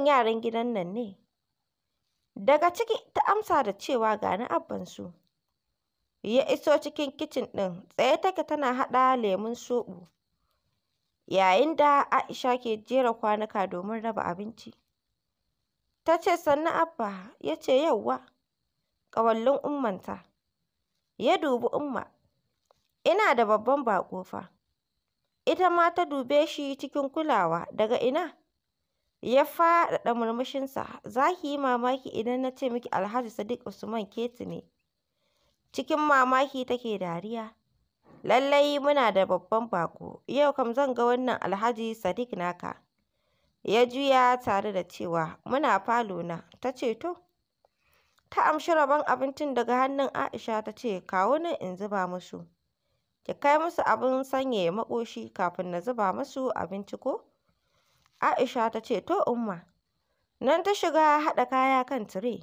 musamman yaran gidan nan ne? Daga ciki ta amsa da cewa ga abban abbansu. Ya iso cikin kicin ɗin tsaye take tana haɗa lemun soɓo yayin da Aisha ke jera kwanuka domin raba abinci. Ta ce sannan Abba ya ce yauwa ƙawallin ummanta. Ya dubi umma ina da babban baƙo fa. Ita ma ta dube shi cikin kulawa daga ina? Ya faɗaɗa murmushinsa, za ki yi mamaki idan na ce miki Alhaji Sadiq Usman Keti ne. Cikin mamaki take dariya. Lallai muna da babban baƙo, yau kam zan ga wannan Alhaji Sadiq naka. Ya juya tare da cewa muna falo na, ta ce to. Ta amshi rabon abincin daga hannun Aisha ta ce kawo nan in zuba musu. Ki kai musu abin sanyaya maƙoshi kafin na zuba musu abinci ko? Aisha ta ce, to Umma. Nan ta shiga haɗa kaya kan tire.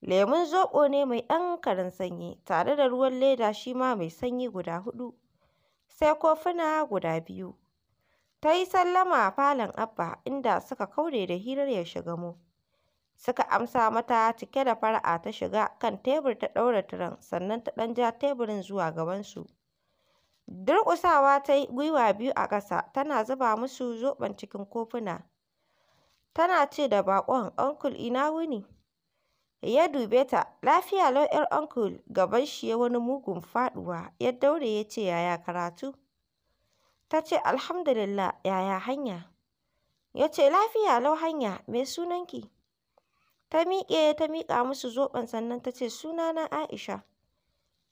Lemun zoɓo ne mai ɗan karin sanyi tare da ruwan leda shi ma mai sanyi guda huɗu, sai kofuna guda biyu. Ta yi sallama a falon Abba inda suka kaure da hirar ya shiga mu. Suka amsa mata cike da fara'a ta shiga kan tebur ta ɗaura tiren sannan ta ɗan ja teburin zuwa gabansu. Durƙusawa ta yi, gwiwa biyu a ƙasa, tana zuba musu zoben cikin kofuna, tana ce da baƙon, "Uncle ina wuni?" Ya dube ta, lafiya lau 'yar uncle, gaban shi ya wani mugun faɗuwa, ya daure ya ce, "Yaya karatu?" Ta ce, "Alhamdulillah, yaya hanya?" Ya ce, "Lafiya lau hanya, me sunanki?" Ta miƙe ta miƙa musu zoben, sannan ta ce, "Sunana Aisha."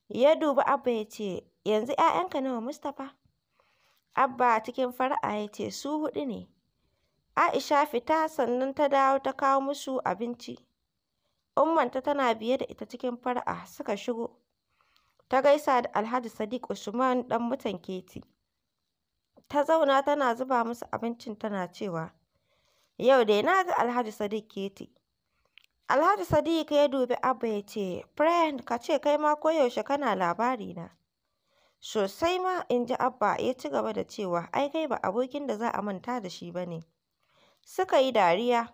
Ya dubi Abba ya ce, yanzu 'ya'yanka nawa Mustapha? Abba cikin fara'a ya ce su huɗu ne. Aisha fita sannan ta dawo ta kawo musu abinci. Ummanta tana biye da ita cikin fara'a suka shigo. Ta gaisa da Alhaji Sadiq Usman ɗan mutan Keti. Ta zauna tana zuba musu abincin tana cewa, Yau dai na ga Alhaji Sadiq Keti. Alhaji Sadiq ya dubi Abba ya ce, Friend, ka ce kai ma koyaushe kana labari na. Sosai ma, in ji Abba ya ci gaba da cewa, ai kai ba abokin da za a manta da shi ba ne. Suka yi dariya.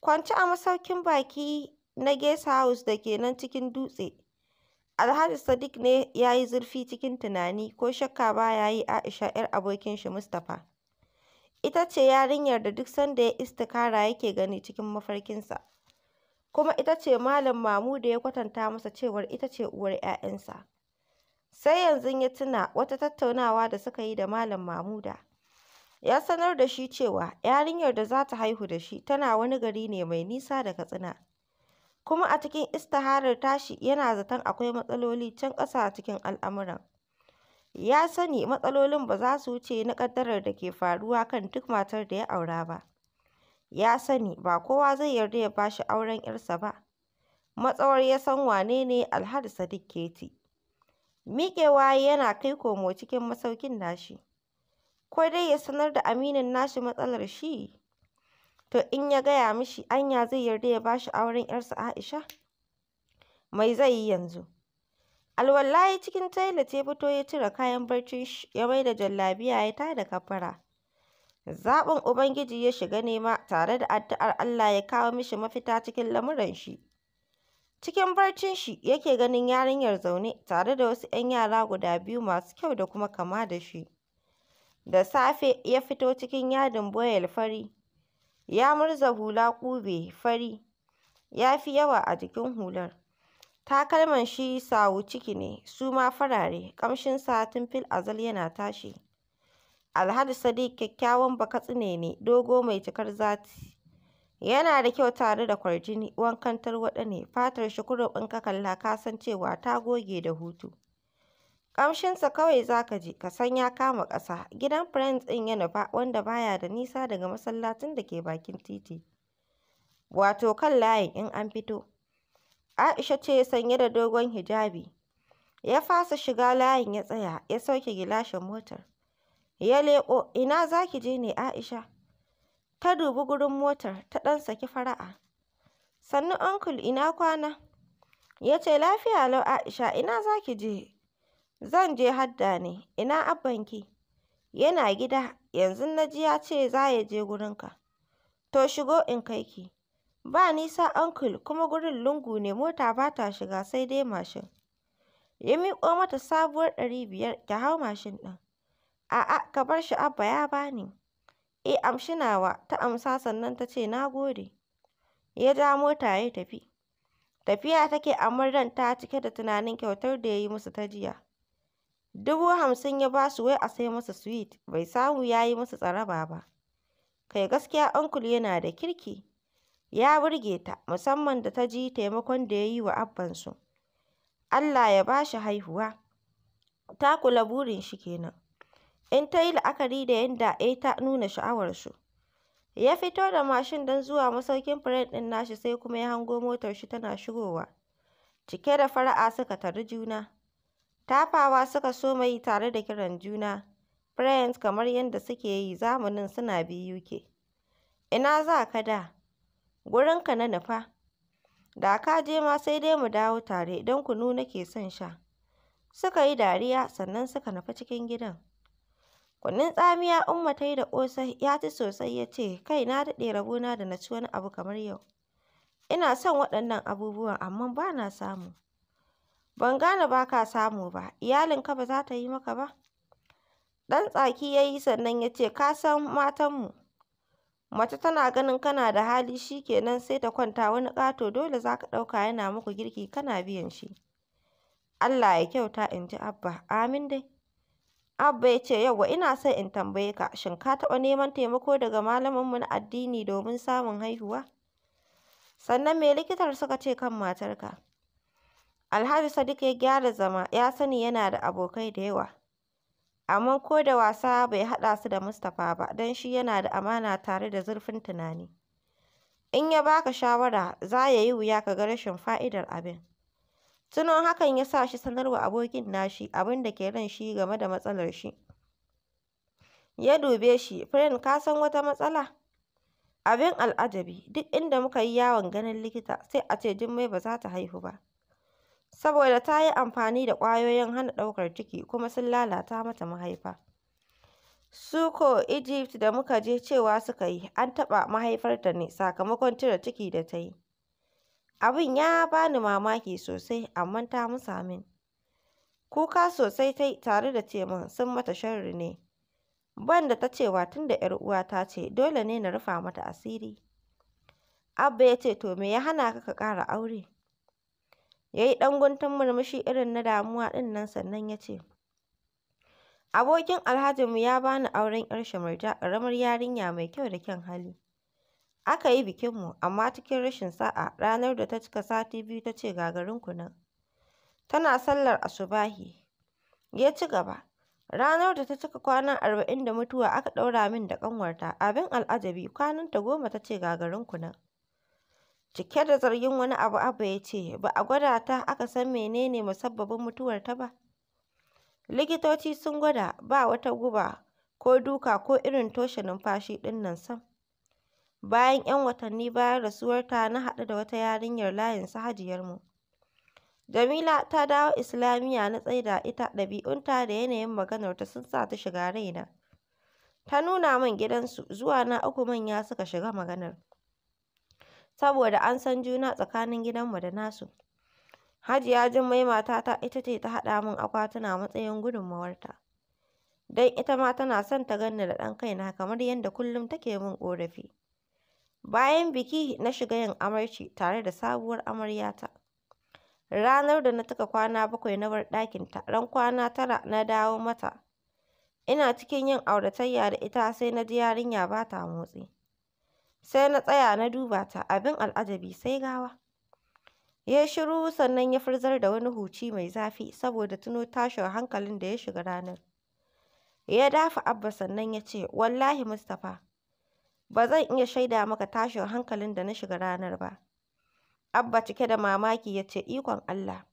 Kwanci a masaukin baki na Guest House da ke nan cikin Dutse, Alhaji Sadiq ne ya yi zurfi cikin tunani, ko shakka ba ya yi Aisha 'yar abokin shi Mustapha. Ita ce yarinyar da duk sanda ya istikara yake gani cikin mafarkinsa. Kuma ita ce Malam da ya kwatanta masa cewar ita ce uwar 'ya'yansa. Sai yanzu ya tuna wata tattaunawa da suka yi da Malam Mamuda. Ya sanar da shi cewa yarinyar da za ta haihu da shi tana wani gari ne mai nisa da Katsina. Kuma a cikin istaharar tashi yana zaton akwai matsaloli can ƙasa a cikin al'amuran. Ya sani matsalolin ba za su wuce na ƙaddarar da ke faruwa kan duk matar da ya aura ba. Ya sani ba kowa zai yarda ya ba shi auren 'yarsa ba. matsawar ya san wane ne Alhaji Sadiq Keti. Miƙewa yana kai komo cikin masaukin nashi, ko dai ya sanar da aminin nashi matsalar shi? To in ya gaya mishi anya zai yarda ya bashi auren 'yarsa Aisha? Mai zai yi yanzu? alwallahi cikin taila ya fito ya cire kayan barci ya mai da jallabiya ya tada kafara. Zaɓin Ubangiji ya shiga nema tare da addu'ar Allah ya kawo mishi mafita cikin lamuran shi. Cikin barcin shi yake ganin yarinyar zaune tare da wasu ‘yan yara guda biyu masu kyau da kuma kama da shi. Da safe ya fito cikin yadin boyel fari, ya murza hula ƙube fari, ya fi yawa a jikin hular. Takalman shi sawu ciki ne, su ma farare, Kamshin satin fil azal yana tashi. Alhaji Sadiq kyakkyawan bakatsine ne, dogo mai cikar zati. Yana da kyau tare da kwarjini, wankan tarwaɗa fatar shi kurum in ka kalla ka san cewa ta goge da hutu. Ƙamshinsa kawai za ka ji, ka san ya kama ƙasa. Gidan Friends ɗin ya nufa, wanda ba ya da nisa daga masallacin da ke bakin titi, wato kan layin in an fito. Aisha ce sanye da dogon hijabi. Ya fasa shiga layin ya tsaya, ya sauke gilashin motar. Ya leƙo, ina za ki je ne Aisha? Ta dubi gurin motar, ta ɗan saki fara'a. Sannu Uncle, ina kwana? Ya ce, Lafiya lau Aisha, ina za ki je? Zan je hadda ne, ina abbanki? Yana gida, yanzu na ji ya ce za ya je gurinka. To shigo in kai ki. Ba nisa Uncle, kuma gurin lungu ne, mota ba ta shiga sai dai mashin. Ya miƙo mata sabuwar ɗari biyar, Ki hau mashin ɗin. A'a, ka bar shi Abba ya bani. E, amshi ta amsa sannan ta ce na gode. Ya ja mota ya tafi. Tafiya take a ran ta cike da tunanin kyautar da ya yi musu ta jiya. Dubu hamsin ya ba su wai a sai musu sweet, bai samu ya yi musu tsaraba ba. Kai gaskiya ankul yana da kirki. Ya burge ta, musamman da ta ji taimakon da ya yi wa abbansu. Allah ya ba shi haihuwa. Ta kula burin shi kenan. in ta yi la'akari da yadda A ta nuna sha'awarsu. Ya fito da mashin don zuwa masaukin Fred ɗin nashi sai kuma ya hango motar shi tana shigowa. Cike da fara'a suka tari juna. Tafawa suka so yi tare da kiran juna. Friends kamar yadda suke yi zamanin suna biyu ke. Ina za ka da? ka na nufa. Da ka je ma sai dai mu dawo tare don kunu nake son sha. Suka yi dariya sannan suka nufi cikin gidan. kunnin tsamiya Umma ta yi da ƙosai ya ci sosai ya ce, kai na daɗe rabona da na ci wani abu kamar yau. Ina son waɗannan abubuwan amma ba na samu. Ban gane ba ka samu ba, iyalinka ba za ta yi maka ba? Ɗan tsaki ya yi sannan ya ce, ka san matanmu. Mace tana ganin kana da hali shi kenan sai ta kwanta wani ƙato dole za ka ɗauka yana muku girki kana biyan shi. Allah ya kyauta in ji Abba, amin dai. Abba ya ce, yawwa ina son in tambaye ka, shin ka taɓa neman taimako daga mu na addini domin samun haihuwa? Sannan me likitar suka ce kan matarka? Alhaji Sadiq ya gyara zama, ya sani yana da abokai da yawa. Amma ko da wasa bai haɗa su da Mustapha ba, don shi yana da amana tare da zurfin tunani. In ya baka shawara, za ya yi wuya ka ga rashin fa'idar abin. Tuno hakan ya sa shi sanarwa abokin nashi abin da ke ran shi game da matsalar shi. Ya dube shi, "Fren ka san wata matsala? Abin al'ajabi, duk inda muka yi yawon ganin likita sai a ce Jummai ba za ta haihu ba. Saboda ta yi amfani da ƙwayoyin hana ɗaukar ciki kuma sun lalata mata mahaifa. Su ko Egypt da muka je cewa suka yi an taɓa mahaifarta ne sakamakon cire ciki da ta yi. Abin ya bani mamaki sosai, amma ta musa min. Kuka sosai tai tare da ce min sun mata sharri ne, Banda ta cewa tunda 'yar uwata ce dole ne na rufa mata asiri. Abba ya ce to me ya hana ka ka ƙara aure? Ya yi ɗan guntun murmushi irin na damuwa ɗin nan sannan ya ce, Abokin Alhajinmu ya bani auren 'yar shi Murja ƙaramar yarinya mai kyau da kyan hali. Aka yi bikinmu, amma cikin rashin sa'a, ranar da ta cika sati biyu ta ce ga nan, tana sallar asubahi, ya ci gaba, ranar da ta cika kwana arba'in da mutuwa aka ɗaura min da ƙanwarta, abin al'ajabi kwananta goma ta ce ga nan. Cike da zargin wani abu abu ya ce, ba a gwada ta aka san menene ne musabbabin ta ba. Likitoci sun gwada, ba wata guba ko duka ko irin toshe numfashi ɗin nan sam. Bayan 'yan watanni bayan rasuwarta na haɗu da wata yarinyar layinsu Hajiyarmu. Jamila ta dawo Islamiyya na tsaida ita, ɗabi'unta da yanayin maganarta sun sa ta shiga raina. Ta nuna min gidansu, zuwa na uku manya suka shiga maganar, saboda an san juna tsakanin gidanmu da nasu. Hajiya Jummai matata ita ce ta haɗa min akwatuna a matsayin gudunmawarta, don ita ma tana son ta gan ni da ɗan kaina kamar yadda kullum take min ƙorafi. Bayan biki na shiga yin amarci tare da sabuwar amaryata. Ranar da na cika kwana bakwai na bar ɗakinta, ran kwana tara na dawo mata. Ina cikin yin auratayya da ita sai na ji yarinya ba ta motsi. Sai na tsaya na duba ta, abin al'ajabi sai gawa. Ya shiru sannan ya furzar da wani huci mai zafi saboda tuno tashin hankalin da ya shiga ranar. Ya dafa Abba sannan ya ce, Wallahi Mustapha, Ba zan iya shaida maka tashin hankalin da na shiga ranar ba. Abba cike da mamaki ya ce ikon Allah.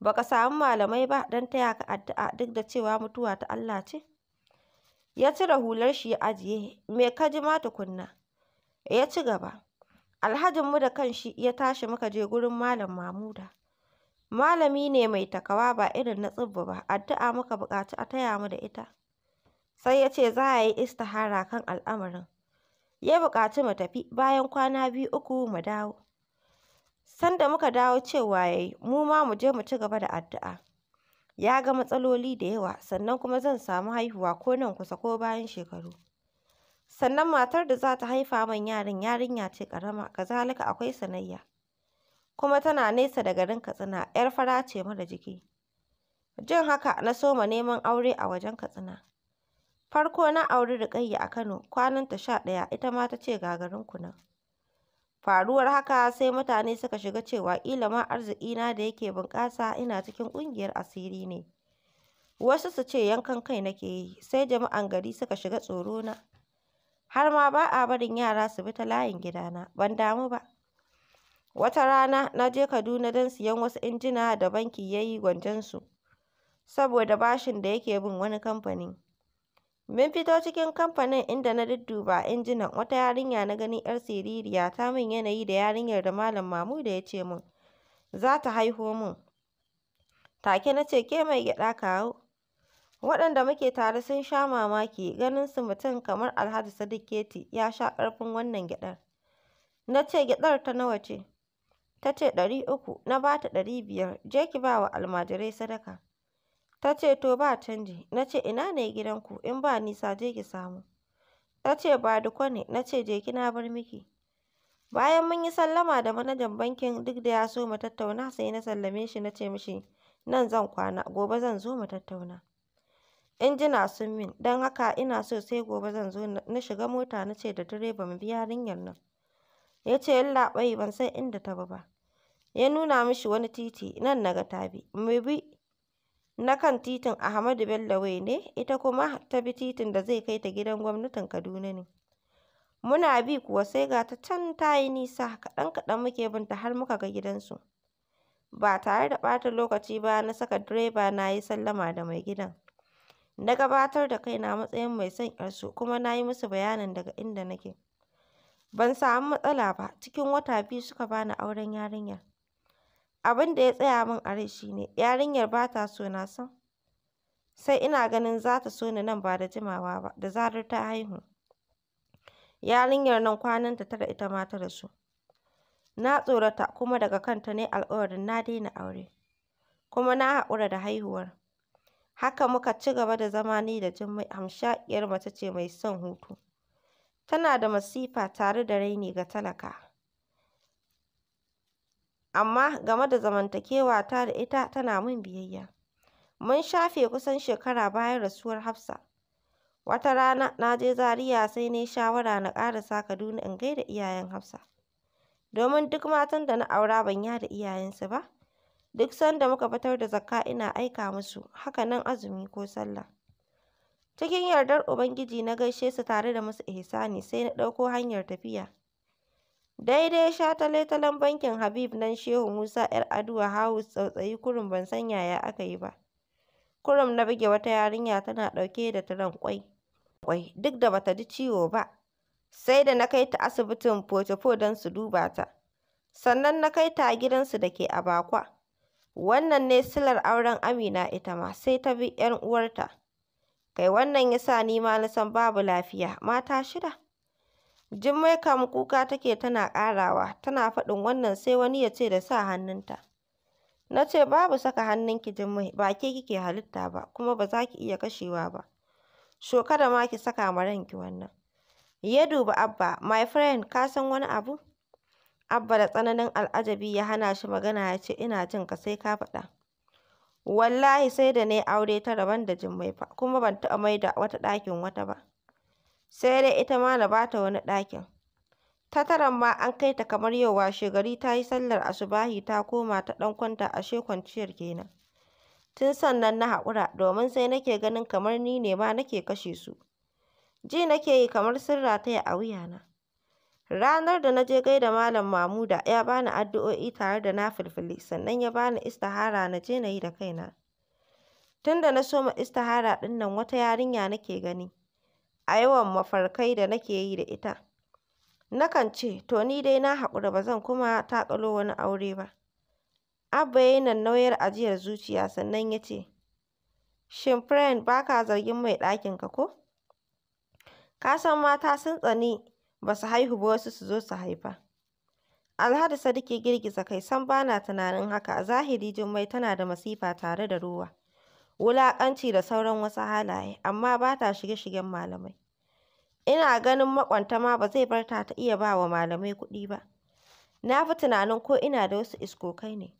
Ba ka samu malamai ba don taya ka addu'a duk da cewa mutuwa ta Allah ce? Ya cire hular shi ya ajiye, me ka ji ma tukunna? Ya ci gaba. Alhajinmu da kan shi ya tashi muka je gurin Malam Mamuda. Malami ne mai takawa ba irin na tsibba ba, addu'a muka buƙaci a taya mu da ita. sai ya ce za a yi istihara kan al'amarin ya buƙaci mu tafi bayan kwana biyu uku mu dawo sanda muka dawo cewa ya yi mu ma mu je mu ci gaba da addu'a ya ga matsaloli da yawa sannan kuma zan samu haihuwa ko nan kusa ko bayan shekaru sannan matar da za ta haifa min yarin yarinya ce ƙarama kazalika akwai sanayya kuma tana nesa da garin katsina yar fara ce mara jiki jin haka na soma neman aure a wajen katsina Farko na auri Rukayya a Kano, sha ɗaya ita ma ta ce ga garinku nan. Faruwar haka sai mutane suka shiga cewa ƙila ma na da yake bunƙasa ina cikin ƙungiyar asiri ne. Wasu su ce yankan kai nake yi, sai jama'an gari suka shiga tsoro na Har ma ba a barin yara su bi ta layin gidana, ban damu ba. Wata rana na je Kaduna don siyan wasu injina da banki ya yi su, saboda bashin da yake bin wani kamfani. Mun fito cikin kamfanin inda na dudduba injinan, wata yarinya na ganin 'yar siririya ta min yanayi da yarinyar da Malam Mamuda ya ce min za ta haihu mun. Take na ce, ke mai gyaɗa kawo. Waɗanda muke tare sun sha mamaki, ganin su mutum kamar Alhaji sadiketi ya sha ƙarfin wannan gyaɗar. Na ce, gyaɗar ta nawa ce? Ta ce, ɗari uku. Na ba ta ɗari biyar. Je ki ba wa almajirai sadaka. Ta ce to ba canji, na ce ina ne gidanku, in ba nisa je ki samo. Ta ce ba Dikko ne, na ce je ki na bar miki. Bayan mun yi sallama da manajan bankin duk da ya so mu tattauna sai na sallame shi na ce mishi nan zan kwana, gobe zan zo mu tattauna. Injina sun min, don haka ina so sai gobe zan zo na shiga mota na ce da direba mu bi yarinyar nan. Ya ce yallaɓai ban san inda ta bi ba. Ya nuna mishi wani titi, nan na ga ta bi, mu bi na kan titin Ahmadu Bello Way ne, ita kuma ta bi titin da zai kai ta gidan gwamnatin Kaduna ne. Muna bi kuwa sai ga ta can ta yi nisa, kaɗan-kaɗan muke bin ta har muka ga gidansu. Ba tare da ɓata lokaci ba na saka direba na yi sallama da mai gidan. Na gabatar da kaina matsayin mai son 'yarsu kuma na yi musu bayanin daga inda nake. Ban samu matsala ba, cikin wata biyu suka bani auren yarinyar. Abin da ya tsaya min a rai shi ne, yarinyar ba ta so na san. sai ina ganin za ta so ni nan ba da jimawa ba, da zarar ta haihu. Yarinyar nan kwanan ta tara ita ma ta su. Na tsorata kuma daga kanta ne, alkawarin na daina aure, kuma na haƙura da haihuwar. Haka muka ci gaba da zama ni da Jummai hamshaƙiyar mace ce mai son hutu. Tana da masifa tare da raini ga talaka. amma game da zamantakewata da ita tana min biyayya. Mun shafe kusan shekara bayan rasuwar Hafsa. Wata rana na je Zariya sai na yi shawara na ƙarasa Kaduna in gaida iyayen Hafsa. Domin duk matan da na aura ban yada iyayensu ba, duk sanda muka fitar da zakka ina aika musu, haka nan azumi ko sallah. Cikin yardar Ubangiji na gaishe su tare da musu ihsani sai na ɗauko hanyar tafiya. Daidai shataletalen bankin Habib nan Shehu Musa 'yar adu'a House tsautsayi kurum ban san yaya aka yi ba, kurum na buge wata yarinya tana ɗauke da tiren ƙwai duk da bata ta ji ciwo ba, sai da na kai ta asibitin Portoppo don su duba ta, sannan na kai ta gidansu da ke Abakwa. Wannan ne silar auren Amina ita ma, sai ta bi 'yar uwarta. Kai wannan ya sa ni ma na san babu lafiya, mata shida. Jummai kam kuka take tana ƙarawa, tana faɗin wannan sai wani ya ce da sa hannunta. Na ce babu saka hannunki Jummai, ba ke kike halitta ba, kuma ba za ki iya kashewa ba. So kada ma ki saka ma ranki wannan. Ya duba Abba, my friend, ka san wani abu? Abba da tsananin al'ajabi ya hana shi magana ya ce ina jin ka sai ka faɗa. Wallahi sai da na yi aure ta rabon da Jummai fa, kuma ban taɓa da wata ɗakin wata ba. sai dai ita ma na ba ta wani ɗakin. Ta ma an kai ta kamar yau washegari ta yi sallar asubahi ta koma ta ɗan kwanta ashe kwanciyar kenan. Tun sannan na haƙura domin sai nake ganin kamar ni ne ma nake kashe su. Ji nake yi kamar sun rataya a wuyana. Ranar da na je gaida Malam Mamuda ya bani addu'o'i tare da na filfili sannan ya bani istihara na je na yi da kaina. Tun da na soma istihara ɗin nan wata yarinya nake gani. a yawan mafarkai da nake yi da ita, nakan ce, to ni dai na haƙura ba zan kuma taƙalo wani aure ba. Abba ya yi nauyar ajiyar zuciya sannan ya ce, shin friend ba ka zargin mai ɗakinka ko? Ka san mata sun tsani ba su haihu ba wasu su zo su haifa. Alhadi Sadiki girgiza kai san ba na tunanin haka a zahiri Jummai tana da masifa tare da ruwa. wulaƙanci da sauran wasu halaye, amma ba ta shige-shigen malamai. Ina ganin maƙwabta ma ba zai bar ta ta iya ba wa malamai kuɗi ba. Na fi tunanin ko ina da wasu iskokai ne.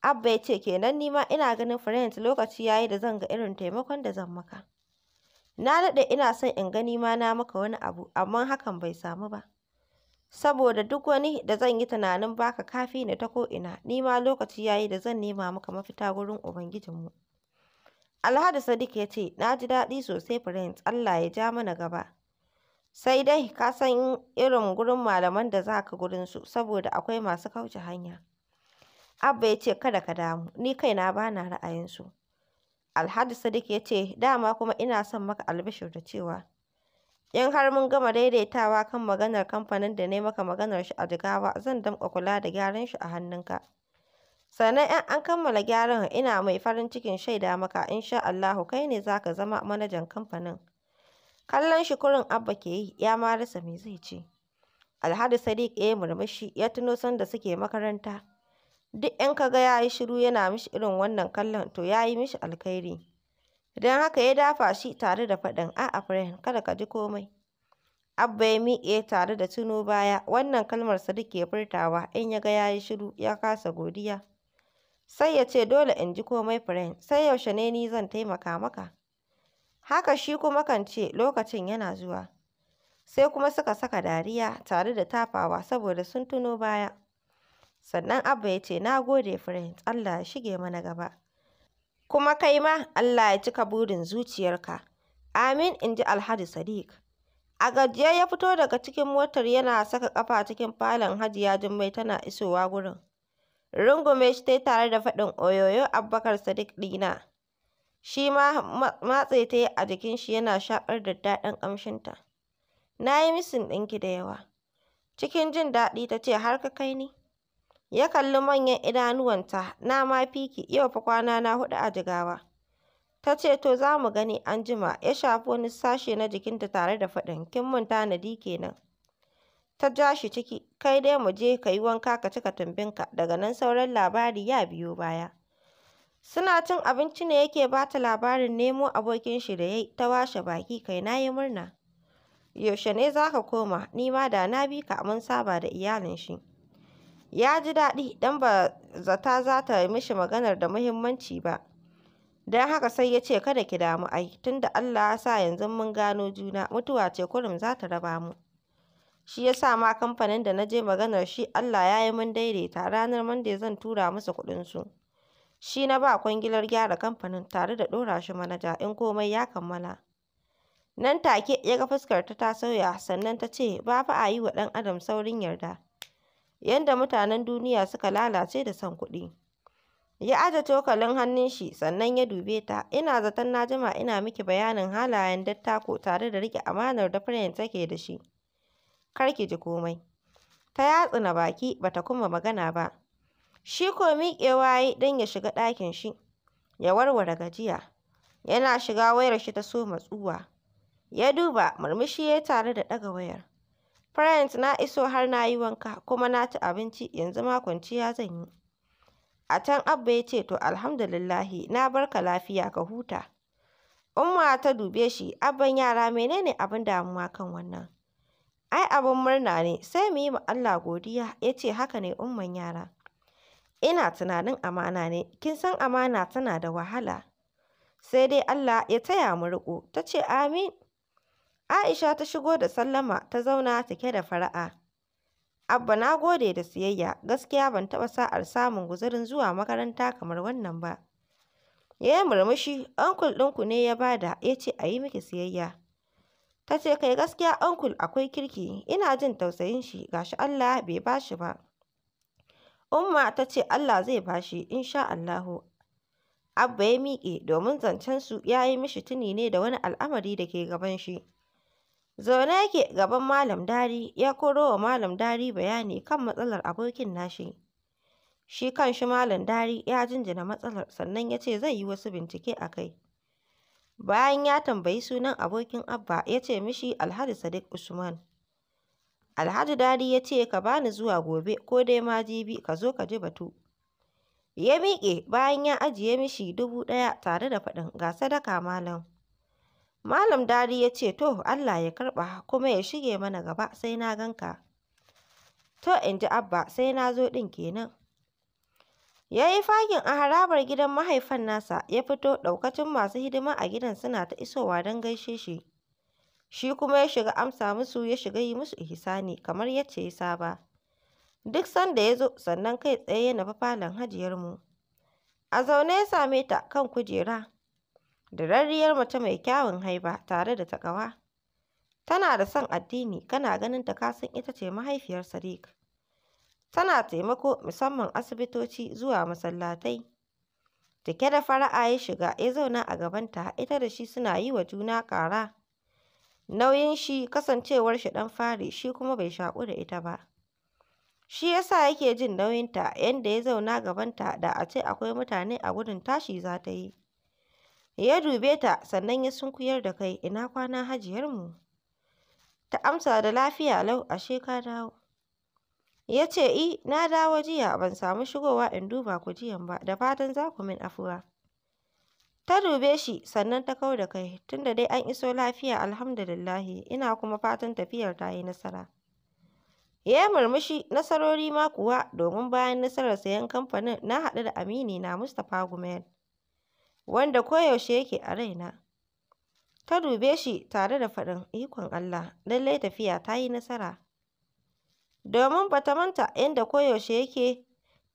Abba ya ce kenan ni ma ina ganin Frank lokaci ya yi da zan ga irin taimakon da zan maka. Na daɗe ina son in gani ma na maka wani abu, amma hakan bai samu ba. Saboda duk wani da zan yi tunanin ba ka kafi ni ta ko'ina, ni ma lokaci ya yi da zan nema maka mafita wurin Ubangijinmu. Alhadu, Sadiq ya ce, na ji daɗi sosai Prince, Allah ya ja mana gaba. Sai dai ka san irin gurin malaman da za ka su, saboda akwai masu kauce hanya. Abba ya ce, kada ka damu, ni kaina ba na ra'ayinsu. Alhadu, Sadiq ya ce, dama kuma ina son maka albishir da cewa, in har mun gama daidaitawa kan maganar kamfanin da na maka maganar shi a Jigawa, zan damƙa kula da gyaran shi a hannunka. Sannan in an kammala gyaran ina mai farin cikin shaida maka insha Allahu kai ne za ka zama manajan kamfanin. Kallon shi kurin Abba ke yi ya ma rasa me zai ce. Alhaji Sadiq ya eh, yi murmushi ya tuno sanda suke makaranta. Duk in ka ga ya yi shiru yana mishi irin wannan kallon to ya yi mishi alkhairi. Don haka ya dafa shi tare da faɗin a'a friend kada ka ji komai. Abba ya miƙe tare da tuno baya wannan kalmar Sadiq ke furtawa in ya ga ya yi shiru ya kasa godiya. sai ya ce dole in ji komai friend, sai yaushe ne ni zan taimaka maka? Haka shi kuma kan ce lokacin yana zuwa. Sai kuma suka saka dariya tare da tafawa saboda sun tuno baya. Sannan Abba ya ce na gode friend, Allah ya shige mana gaba. Kuma kai ma Allah ya cika burin zuciyarka. Amin in ji Alhaji Sadiq. A gajiya ya fito daga cikin motar yana saka kafa cikin falon Hajiya Jummai tana isowa gurin. Rungume shi ta tare da faɗin oyoyo Abubakar Sadiq ɗina. Shi ma matse ta yi a jikin shi yana shaƙar daɗin ƙamshinta. Na yi misin ɗinki da yawa. Cikin jin daɗi ta ce har ka kai ni. Ya kalli manyan idanuwanta na ma fiki yau fa kwana na hudu a jigawa. Ta ce to za mu gani an jima ya shafi wani sashe na jikinta tare da faɗin kin mun tanadi kenan. ta ja shi ciki, kai dai mu je ka yi wanka ka cika tumbinka, daga nan sauran labari ya biyo baya. Suna cin abinci ne yake ba ta labarin nemo abokin shi da ya ta washe baki kai na yi murna. Yaushe ne za ka koma, ni ma da na bi ka mun saba da iyalin shi. Ya ji daɗi don ba zata za ta yi mishi maganar da muhimmanci ba. Don haka sai ya ce kada ki damu ai, tunda Allah ya sa yanzu mun gano juna, mutuwa ce kurum za ta raba mu. Shi ya sa ma kamfanin da na je maganar shi Allah ya yi mun daidaita, ranar Monday zan tura musu kuɗinsu. Shi na ba kwangilar gyara kamfanin tare da ɗora shi manaja in komai ya kammala. Nan take ya ga fuskarta ta sauya sannan ta ce ba fa a yi wa ɗan adam saurin yarda. Yanda mutanen duniya suka lalace da son kuɗi. Ya aje cokalin hannun shi sannan ya dube ta, ina zaton na jima ina miki bayanin halayen dattako tare da riƙe amanar da Firayin take da shi. kar ki ji komai. Ta yatsu na baki bata kuma magana ba. Shi ko miƙewa yayi yi ya shiga ɗakin shi, ya warware gajiya. Yana shiga wayar shi ta so tsuwa. Ya duba murmushi ya tare da ɗaga wayar. Friends na iso har na yi wanka kuma na ci abinci yanzu ma kwanciya zan yi. A can Abba ya ce to alhamdulillahi na barka lafiya ka huta. Umma ta dube shi, abban yara menene abin damuwa kan wannan? ai abin murna ne, sai mu yi ma Allah godiya, ya ce haka ne umman yara. Ina tunanin amana ne, kin san amana tana da wahala. Sai dai Allah ya taya mu riƙo, ta ce amin. Aisha ta shigo da sallama ta zauna cike da fara'a. Abba na gode da siyayya, gaskiya ban taɓa sa'ar samun guzurin zuwa makaranta kamar wannan ba. Ya yi murmushi, an ɗinku ne ya bada, ya ce a yi miki siyayya. Ta ce kai gaskiya ankul akwai kirki, ina jin tausayin shi ga shi Allah bai bashi ba. Umma ta ce Allah zai bashi, shi insha Allahu. Abba ya miƙe domin zancen su ya yi mishi tuni ne da wani al'amari da ke gaban shi. Zaune yake gaban Malam Dari ya koro wa Malam Dari bayani kan matsalar abokin nashi. Shi kan shi Malam Dari ya jinjina matsalar sannan ya ce zai yi wasu bincike a kai. Bayan ya tambayi sunan abokin Abba, ya ce mishi Alhaji Sadiq Usman. Alhaji Dadi ya ce ka bani zuwa gobe ko dai ma jibi ka zo ka ji batu. Ya miƙe bayan ya ajiye mishi dubu ɗaya tare da faɗin ga sadaka malam. Malam Dadi ya ce to Allah ya karɓa kuma ya shige mana gaba sai na ganka. To in ji Abba sai na zo ɗin kenan. Ya yi fakin a harabar gidan mahaifan nasa, ya fito ɗaukacin masu hidima a gidan suna ta isowa don gaishe shi. Shi kuma ya shiga amsa musu ya shiga yi musu ihsani kamar yacce ya saba. Duk sanda ya zo sannan kai tsaye ya nufi falon hajiyarmu. A zaune ya same ta kan kujera da rarriyar mace mai kyawun haiba tare da ƙawa. Tana da son addini kana ganin ta ka ita ce mahaifiyar Sadiq. tana taimako musamman asibitoci zuwa masallatai. Cike da fara'a ya shiga ya zauna a gabanta ita da shi suna yi wa juna ƙara. Nauyin shi kasancewar shi ɗan fari shi kuma bai shaƙu da ita ba. Shi ya sa yake jin nauyinta yadda ya zauna gabanta da a ce akwai mutane a gudun tashi za ta yi. Ya dube ta sannan ya sunkuyar da kai ina kwana hajiyarmu. Ta amsa da lafiya lau ashe ka dawo. Ya ce, I, na dawo jiya, ban samu shigowa in duba ku jiyan ba, da fatan za ku min afuwa. Ta dube shi, sannan ta kau da kai, tunda dai an iso lafiya alhamdulillahi, ina kuma fatan tafiyar ta yi nasara. Ya murmushi nasarori ma kuwa domin bayan nasarar sayan kamfanin na haɗu da amini na Mustapha Gumel, wanda koyaushe yake a raina. Ta dube shi tare da faɗin ikon Allah, lallai tafiya ta yi nasara. domin ba ta manta inda koyaushe yake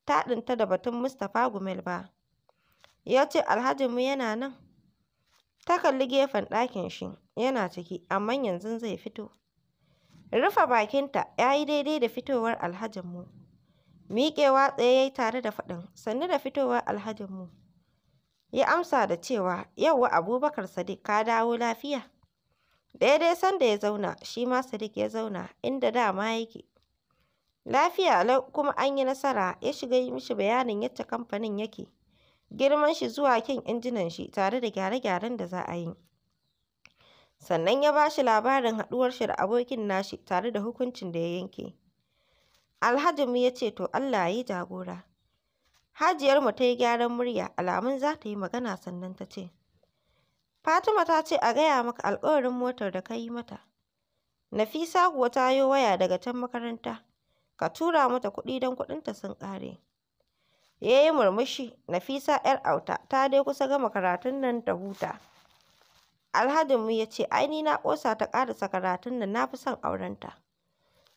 taɗinta da batun Mustapha Gumel ba. Ya ce mu yana nan. Ta kalli gefen ɗakin shi yana ciki amma yanzu zai fito. Rufa bakinta ya yi daidai da fitowar alhajinmu. Miƙewa tsaye ya yi tare da faɗin sannu da fitowar mu. Ya amsa da cewa yau Abubakar Sadiq ka dawo lafiya. Daidai sanda ya zauna shi ma Sadiq ya zauna inda dama yake Lafiya lau kuma an yi nasara, ya shiga yi mishi bayanin yadda kamfanin yake, girman shi zuwa kin injinan shi tare da gyare-gyaren da za a yi. Sannan ya ba shi labarin haduwar shi da abokin nashi tare da hukuncin da ya yanke. Alhajinmu ya ce to Allah ya yi jagora. Hajiyarmu ta yi gyaran murya alamun za ta yi magana sannan ta ce, Fatima ta ce a gaya maka alƙawarin motar da ka yi mata. Nafisa kuwa ta yi waya daga can makaranta. ka tura mata kuɗi don kuɗinta sun ƙare. Ya yi murmushi, Nafisa 'yar auta ta dai kusa gama karatun nan ta huta. Alhadinmu ya ce, ai ni na ƙosa ta ƙarasa karatun nan na fi son aurenta.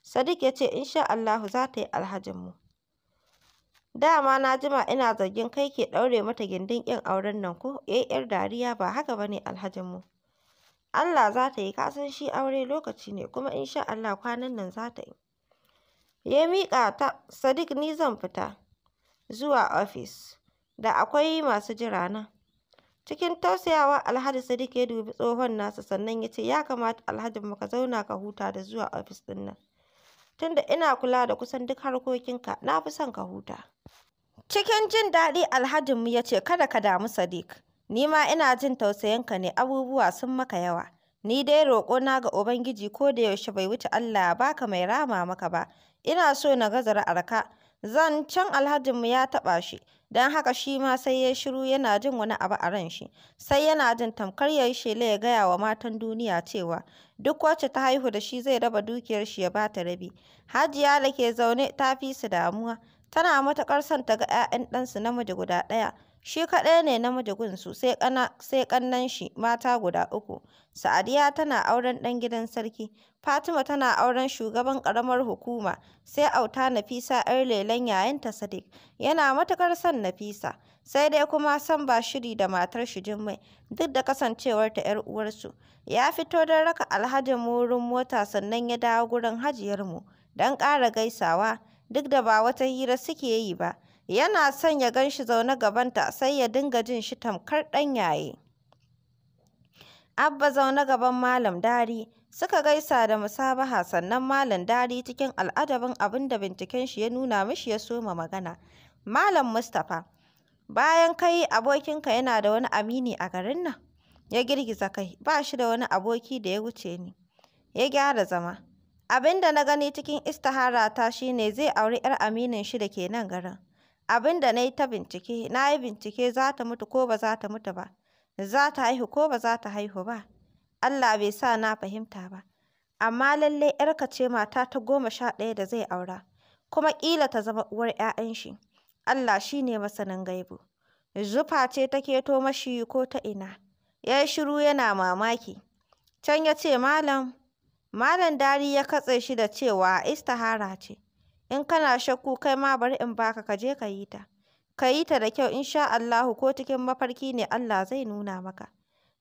Sadiq ya ce, insha Allahu za ta yi mu. Dama na jima ina zargin kai ke ɗaure mata gindin ƙin auren nan ko, yi eh, 'yar dariya ba haka ba ne alhajinmu. Allah za ta yi, ka shi aure lokaci ne, kuma insha Allah kwanan nan za ta yi. Ya miƙa ta, Sadiq ni zan fita zuwa ofis, da akwai masu jira na. Cikin tausayawa Alhaji Sadiq ya dubi tsohon nasa sannan ya ce ya kamata mu ka zauna ka huta da zuwa ofis ɗin nan. Tunda ina kula da kusan duk harkokinka, na fi son ka huta. Cikin jin daɗi mu ya ce kada ka damu Sadiq, ni ma ina jin tausayinka ne abubuwa sun maka yawa. Ni dai roƙo na ga Ubangiji ko da yaushe bai wuce Allah ya baka mai rama maka ba, ina so na ga zara'arka zan can alhajinmu ya taɓa shi don haka shi ma sai ya shiru yana jin wani abu a ran shi sai yana jin tamkar ya yi shela ya gaya wa matan duniya cewa duk wacce ta haihu da shi zai raba dukiyar shi ya ba ta rabi hajiya da ke zaune ta fi su damuwa tana matuƙar son ta ga 'ya'yan ɗansu namiji guda ɗaya Shi kaɗai ne namiji gunsu sai ƙannen shi mata guda uku, Sa'adiyya tana auren ɗan gidan sarki, Fatima tana auren shugaban ƙaramar hukuma, sai auta Nafisa 'yar lelen yayanta Sadiq yana matuƙar son Nafisa, sai dai kuma son ba shiri da matar shi Jummai, duk da kasancewar ta 'yar uwarsu. Ya fito don raka Alhaji wurin mota sannan ya dawo gurin hajiyarmu don ƙara gaisawa, duk da ba wata hira suke yi ba. Yana son ya gan shi zaune gabanta sai ya dinga jin shi tamkar ɗan yaye. Abba zaune gaban Malam Dari suka gaisa da musabaha sannan Malam Dari cikin al'adabin abin da binciken shi ya nuna mishi ya soma magana. Malam Mustapha, bayan kai abokinka yana da wani amini a garin nan? Ya girgiza kai, ba shi da wani aboki da ya wuce ni. Ya gyara zama. Abin da na gani cikin istaharata ta shi zai auri 'yar aminin shi da ke nan garin. abin da na yi ta bincike na yi bincike za ta mutu ko ba za ta mutu ba za ta haihu ko ba za ta haihu ba Allah bai sa na fahimta ba amma lallai ‘yarka ce mata ta goma sha ɗaya da zai aura kuma ƙila ta zama uwar ‘ya'yan shi Allah shi ne masanin gaibu zufa ce ta keto mashi ko ta ina ya yi shiru yana mamaki can ya ce malam malam dari ya katse shi da cewa istihara ce In kana shakku kai ma bari in baka, ka je ka yi ta. Ka yi ta da kyau insha Allahu ko cikin mafarki ne Allah zai nuna maka.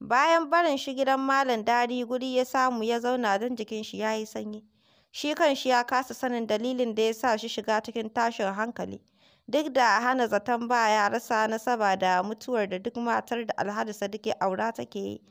Bayan barin shi gidan Malam Dari guri ya samu ya zauna don jikin shi ya yi sanyi. Shi kan shi ya kasa sanin dalilin da ya sa shi shiga cikin tashin hankali. Duk da hana zaton ba ya rasa nasaba da mutuwar da duk matar da Alhaji Sadiq aura take yi.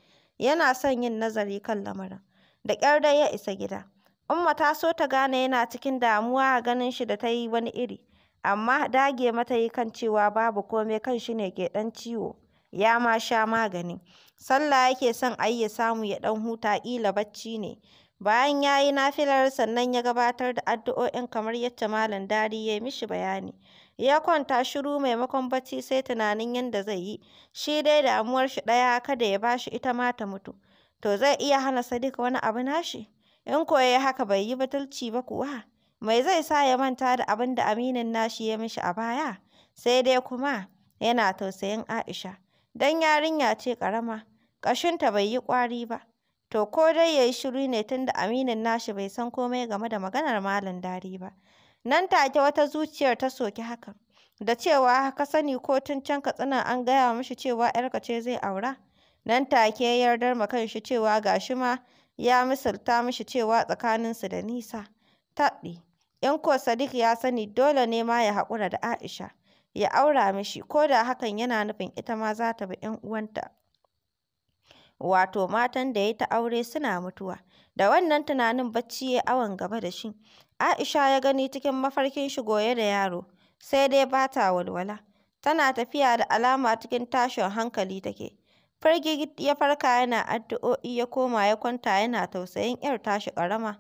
Yana son yin nazari kan lamarin. Da kyar dai ya isa gida. Umma ta so ta gane yana cikin damuwa a ganin shi da ta yi wani iri, amma dage mata yi kan cewa babu komai kan shi ne ke ɗan ciwo, ya ma sha magani. Sallah yake son a yi ya samu ya ɗan huta ƙila bacci ne. Bayan ya yi nafilar sannan ya gabatar da addu'o'in kamar yadda Malam Dari ya yi mishi bayani. Ya kwanta shiru maimakon bacci sai tunanin yadda zai yi, shi dai damuwar shi ɗaya kada ya ba shi ita ma ta mutu. To zai iya hana Sadiq wani abu nashi? In koya haka bai yi batulci ba kuwa, mai zai sa ya manta da abin da aminin nashi ya mishi a baya? Sai dai kuma yana tausayin Aisha, don yarinya ce ƙarama, ƙashinta bai yi kwari ba. To ko dai ya yi shiru ne tunda aminin nashi bai san komai game da maganar Malam Dari ba. Nan take wata zuciyar ta soki hakan, da cewa ka sani ko tun can Katsina an gaya mishi cewa ‘yarka ce zai aura. Nan take ya yardar ma kan shi cewa ga shi ma ya misalta mishi cewa tsakaninsu da nisa. taɗi in ko Sadiq ya sani dole ne ma ya haƙura da Aisha, ya aura mishi ko da hakan yana nufin ita ma za ta bi 'yan uwanta. Wato matan da ya ta aure suna mutuwa. Da wannan tunanin bacci ya awon gaba da shi. Aisha ya gani cikin mafarkin shi goye da yaro, sai dai ba ta walwala. Tana tafiya da alama cikin tashin hankali take. Firgigit ya farka yana addu'o'i ya koma ya kwanta yana tausayin 'yar tashi ƙarama.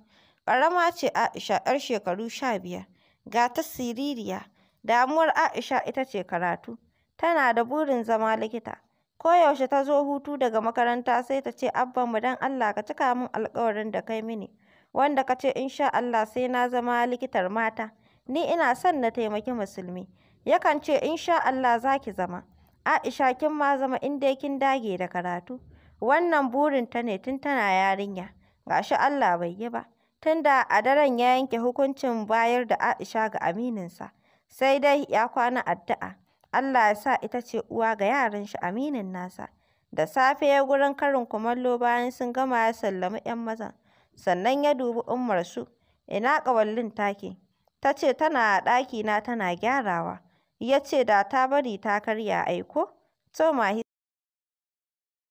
Ƙarama ce Aisha 'yar shekaru sha biyar, ga ta siririya. Damuwar Aisha ita ce karatu. Tana da burin zama likita. Koyaushe ta zo hutu daga makaranta sai ta ce mu, dan Allah ka cika min alƙawarin da kai mini, wanda ka ce in Allah sai na zama likitar mata. Ni ina son na taimaki musulmi. Yakan ce in Allah za ki zama. Aisha kin ma zama in dai kin dage da karatu. Wannan burin ta ne tun tana yarinya, ga shi Allah bai yi ba, tunda a daren ya yanke hukuncin bayar da Aisha ga amininsa, sai dai ya kwana addu'a, Allah ya sa ita ce uwa ga yaran shi aminin nasa. Da safe ya gurin karin kumallo bayan sun gama ya sallami 'yan mazan, sannan ya dubi ummar su ina ƙawallin take? Ta ce tana a ɗakina tana gyarawa. ya ce da ta bari ta karya aiko To ma